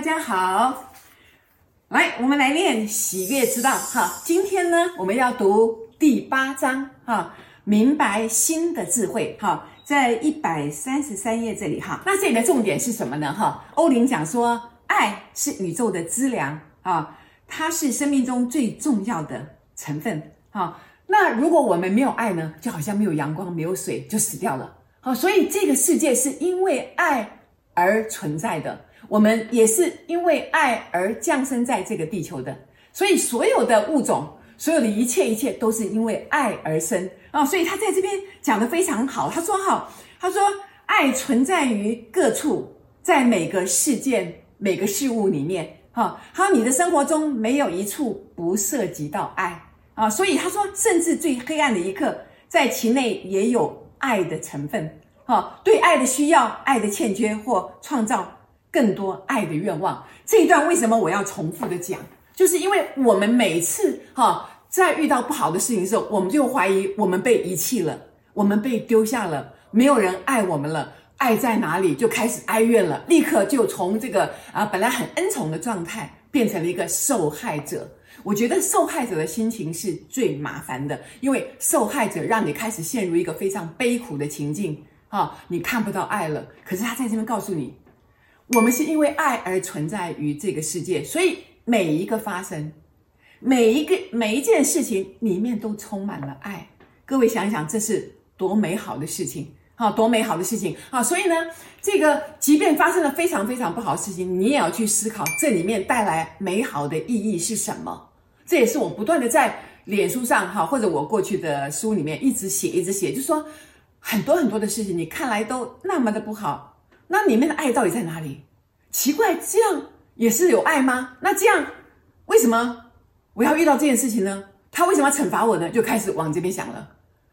大家好，來，我們來練喜悅之道。哈，今天呢，我們要讀第八章。哈，明白心的智慧。哈，在一百三十三頁這裡。哈，那這裡的重點是什麼呢？哈，歐林講說，愛是宇宙的資糧啊，它是生命中最重要的成分。哈，那如果我們沒有愛呢，就好像沒有陽光、沒有水就死掉了。好，所以這個世界是因為愛而存在的。我們也是因為愛而降生在這個地球的，所以所有的物種，所有的一切一切都是因為愛而生啊！所以他在這邊講得非常好，他說：“哈，他說愛存在於各處，在每個事件、每個事物裡面、啊，哈，他說你的生活中沒有一處不涉及到愛啊！所以他說，甚至最黑暗的一刻，在其內也有愛的成分哈、啊，對愛的需要、愛的欠缺或創造。”更多愛的願望。這一段為什麼我要重複的講？就是因為我們每次哈、哦、在遇到不好的事情的時候，我們就懷疑我們被遺棄了，我們被丟下了，沒有人愛我們了，愛在哪裡？就開始哀怨了，立刻就從這個啊本來很恩寵的狀態變成了一個受害者。我覺得受害者的心情是最麻煩的，因為受害者讓你開始陷入一個非常悲苦的情境啊、哦，你看不到愛了，可是他在這邊告訴你。我們是因為愛而存在於這個世界，所以每一個發生，每一個，每一件事情裡面都充滿了愛。各位想一想，這是多美好的事情啊！多美好的事情啊！所以呢，這個即便發生了非常非常不好的事情，你也要去思考這裡面帶來美好的意義是什麼。這也是我不斷的在臉書上哈，或者我過去的書裡面一直寫一直寫，就是說，很多很多的事情，你看來都那麼的不好。那裡面的愛到底在哪裡？奇怪，這樣也是有愛嗎？那這樣為什麼我要遇到這件事情呢？他為什麼要懲罰我呢？就開始往這邊想了。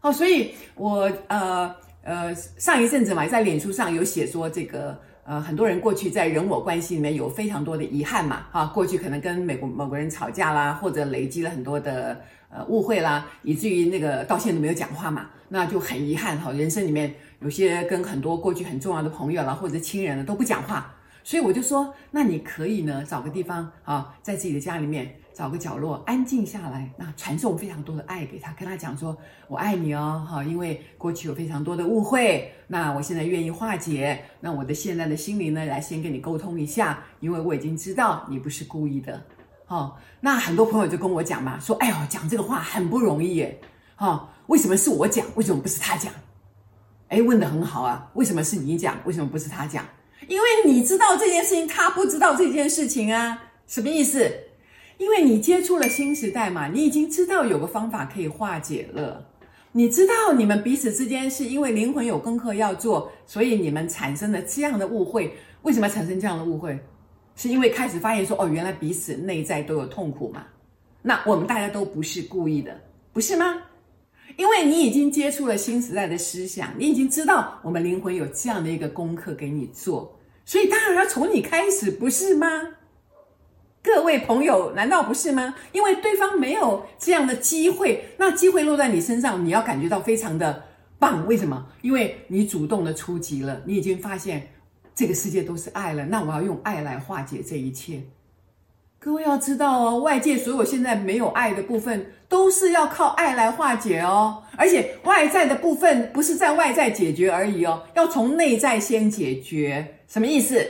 哦，所以我呃呃上一陣子嘛，在臉書上有寫說，這個呃很多人過去在人我關係裡面有非常多的遺憾嘛，啊，過去可能跟美國某個人吵架啦，或者累積了很多的呃誤會啦，以至於那個到現在都沒有講話嘛，那就很遺憾哈，人生裡面。有些跟很多過去很重要的朋友了，或者親人了都不講話，所以我就說，那你可以呢找個地方啊，在自己的家裡面找個角落安靜下來，那傳送非常多的愛給他，跟他講說，我愛你哦，哈，因為過去有非常多的誤會，那我現在願意化解，那我的現在的心靈呢來先跟你溝通一下，因為我已經知道你不是故意的，哈，那很多朋友就跟我講嘛，說，哎呦，講這個話很不容易耶，哈，為什麼是我講，為什麼不是他講？哎，問得很好啊！為什麼是你講，為什麼不是他講？因為你知道這件事情，他不知道這件事情啊！什麼意思？因為你接觸了新時代嘛，你已經知道有個方法可以化解了。你知道你們彼此之間是因為靈魂有功課要做，所以你們產生了這樣的誤會。為什麼產生這樣的誤會？是因為開始發現說，哦，原來彼此內在都有痛苦嘛。那我們大家都不是故意的，不是嗎？因為你已經接觸了新時代的思想，你已經知道我們靈魂有這樣的一個功課給你做，所以當然要從你開始，不是嗎？各位朋友，難道不是嗎？因為對方沒有這樣的機會，那機會落在你身上，你要感覺到非常的棒。為什麼？因為你主動的出擊了，你已經發現這個世界都是愛了，那我要用愛來化解這一切。各位要知道哦，外界所有現在沒有愛的部分，都是要靠愛來化解哦。而且外在的部分不是在外在解決而已哦，要從內在先解決。什麼意思？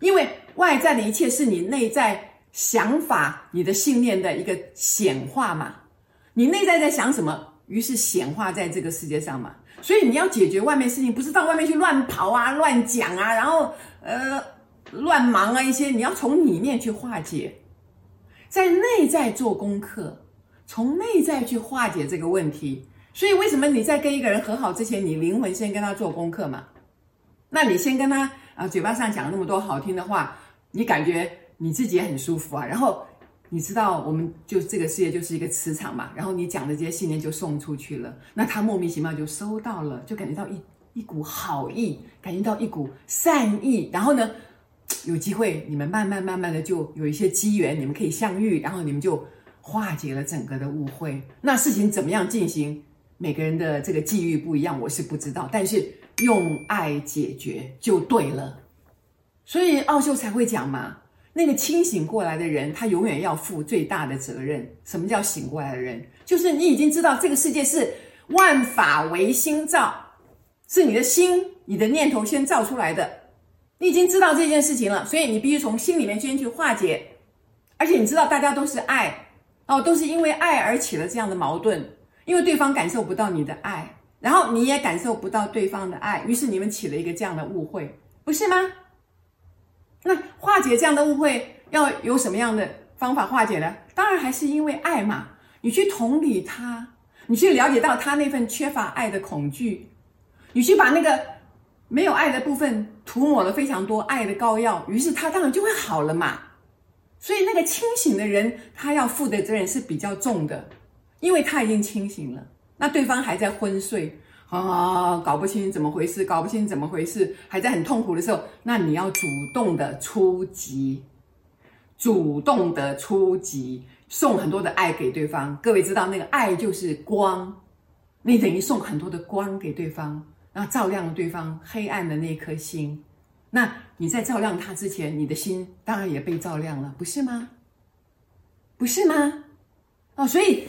因為外在的一切是你內在想法、你的信念的一個顯化嘛。你內在在想什麼？於是顯化在這個世界上嘛。所以你要解決外面事情，不是到外面去亂跑啊、亂講啊，然後呃。亂忙啊，一些你要從裡面去化解，在內在做功課，從內在去化解這個問題。所以為什麼你在跟一個人和好之前，你靈魂先跟他做功課嘛？那你先跟他啊，嘴巴上講那麼多好聽的話，你感覺你自己也很舒服啊。然後你知道，我們就這個世界就是一個磁場嘛。然後你講的這些信念就送出去了，那他莫名其妙就收到了，就感覺到一一股好意，感覺到一股善意。然後呢？有機會，你們慢慢慢慢的就有一些機緣，你們可以相遇，然後你們就化解了整個的誤會。那事情怎麼樣進行，每個人的這個際遇不一樣，我是不知道。但是用愛解決就對了。所以奧修才會講嘛，那個清醒過來的人，他永遠要負最大的責任。什麼叫醒過來的人？就是你已經知道這個世界是萬法唯心造，是你的心、你的念頭先造出來的。你已經知道這件事情了，所以你必須從心裡面先去化解。而且你知道，大家都是愛哦，都是因為愛而起了這樣的矛盾，因為對方感受不到你的愛，然後你也感受不到對方的愛，於是你們起了一個這樣的誤會，不是嗎？那化解這樣的誤會要有什麼樣的方法化解呢？當然還是因為愛嘛，你去同理他，你去了解到他那份缺乏愛的恐懼，你去把那個。沒有愛的部分塗抹了非常多愛的膏藥，於是他當然就會好了嘛。所以那個清醒的人，他要負的責任是比較重的，因為他已經清醒了。那對方還在昏睡啊，搞不清怎麼回事，搞不清怎麼回事，還在很痛苦的時候，那你要主動的出擊，主動的出擊，送很多的愛給對方。各位知道，那個愛就是光，你等於送很多的光給對方。那照亮對方黑暗的那顆心，那你在照亮他之前，你的心當然也被照亮了，不是嗎？不是嗎？哦，所以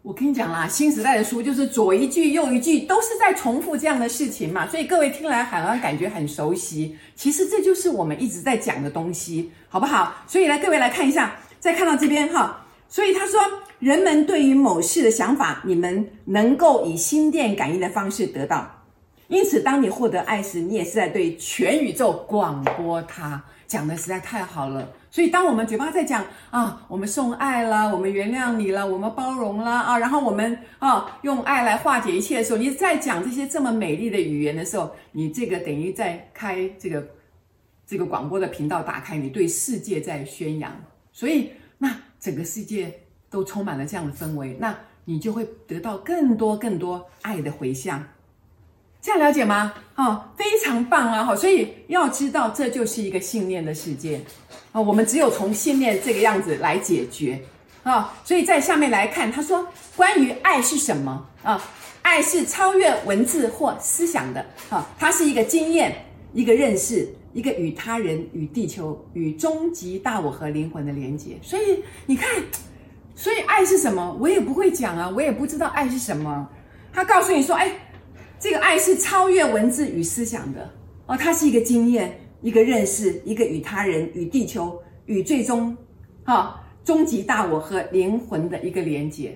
我跟你講啦，新時代的書就是左一句右一句都是在重複這樣的事情嘛，所以各位聽來好像感覺很熟悉，其實這就是我們一直在講的東西，好不好？所以來各位來看一下，再看到這邊哈，所以他說，人們對於某事的想法，你們能夠以心電感應的方式得到。因此，當你獲得愛時，你也是在對全宇宙廣播它。它講得實在太好了。所以，當我們嘴巴在講啊，我們送愛了，我們原諒你了，我們包容了啊，然後我們啊，用愛來化解一切的時候，你在講這些這麼美麗的語言的時候，你這個等於在開這個這個廣播的頻道，打開你對世界在宣揚。所以，那整個世界都充滿了這樣的氛圍，那你就會得到更多更多愛的回響。這樣了解嗎？好，非常棒啊！好，所以要知道，這就是一個信念的世界啊。我們只有從信念這個樣子來解決啊。所以在下面來看，他說，關於愛是什麼啊？愛是超越文字或思想的啊。它是一個經驗，一個認識，一個與他人、與地球、與終極大我和靈魂的連接。所以你看，所以愛是什麼？我也不會講啊，我也不知道愛是什麼。他告訴你說，哎。這個愛是超越文字與思想的哦，它是一個經驗，一個認識，一個與他人、與地球、與最終，哈、哦，終極大我和靈魂的一個連結。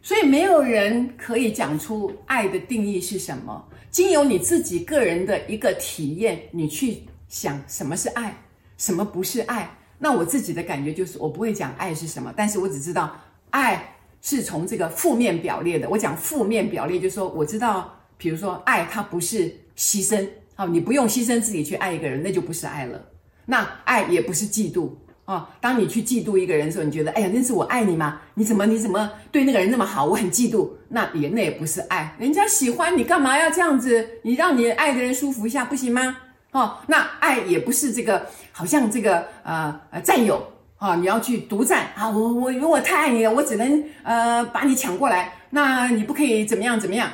所以，沒有人可以講出愛的定義是什麼。經由你自己個人的一個體驗，你去想什麼是愛，什麼不是愛。那我自己的感覺就是，我不會講愛是什麼，但是我只知道愛是從這個負面表列的。我講負面表列，就是說我知道。比如說，愛它不是犧牲啊，你不用犧牲自己去愛一個人，那就不是愛了。那愛也不是嫉妒啊、哦。當你去嫉妒一個人的時候，你覺得，哎呀，那是我愛你嗎？你怎麼你怎麼對那個人那麼好，我很嫉妒，那也那也不是愛。人家喜歡你幹嘛要這樣子？你讓你愛的人舒服一下不行嗎？哦，那愛也不是這個，好像這個呃呃占有啊，你要去獨占啊。我我因為我太愛你了，我只能呃把你搶過來，那你不可以怎麼樣怎麼樣？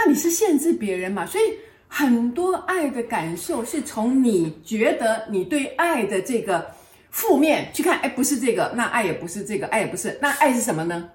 那你是限制別人嘛？所以很多愛的感受是從你覺得你對愛的這個負面去看，哎，不是這個，那愛也不是這個，愛也不是，那愛是什麼呢？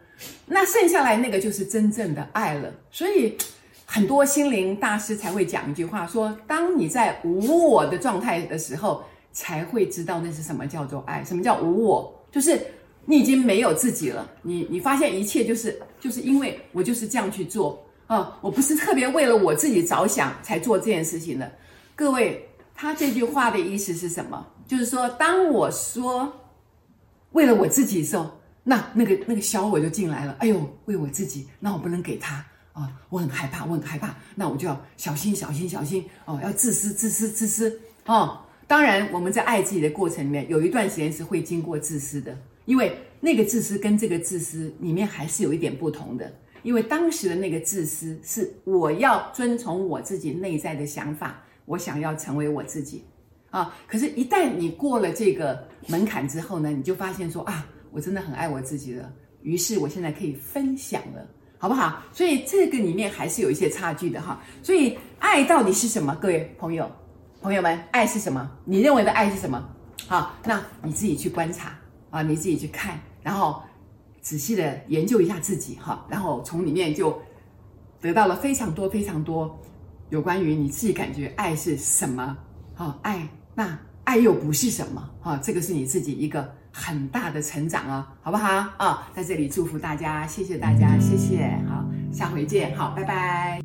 那剩下來那個就是真正的愛了。所以很多心靈大師才會講一句話說，說當你在無我的狀態的時候，才會知道那是什麼叫做愛，什麼叫無我？就是你已經沒有自己了，你你發現一切就是就是因為我就是這樣去做。啊、哦，我不是特別為了我自己着想才做這件事情的，各位，他這句話的意思是什麼？就是說，當我說為了我自己的時候，那那個那個小我就進來了。哎呦，為我自己，那我不能給他啊、哦，我很害怕，我很害怕，那我就要小心小心小心哦，要自私自私自私哦。當然，我們在愛自己的過程裡面，有一段時間是會經過自私的，因為那個自私跟這個自私裡面還是有一點不同的。因為當時的那個自私是我要遵從我自己內在的想法，我想要成為我自己，啊，可是，一旦你過了這個門檻之後呢，你就發現說啊，我真的很愛我自己了，於是我現在可以分享了，好不好？所以這個裡面還是有一些差距的哈、啊。所以愛到底是什麼？各位朋友、朋友們，愛是什麼？你認為的愛是什麼？好，那你自己去觀察啊，你自己去看，然後。仔細的研究一下自己哈，然後從裡面就得到了非常多非常多有關於你自己感覺愛是什麼啊，愛，那愛又不是什麼啊，這個是你自己一個很大的成長啊，好不好啊？在這裡祝福大家，謝謝大家，謝謝，好，下回見，好，拜拜。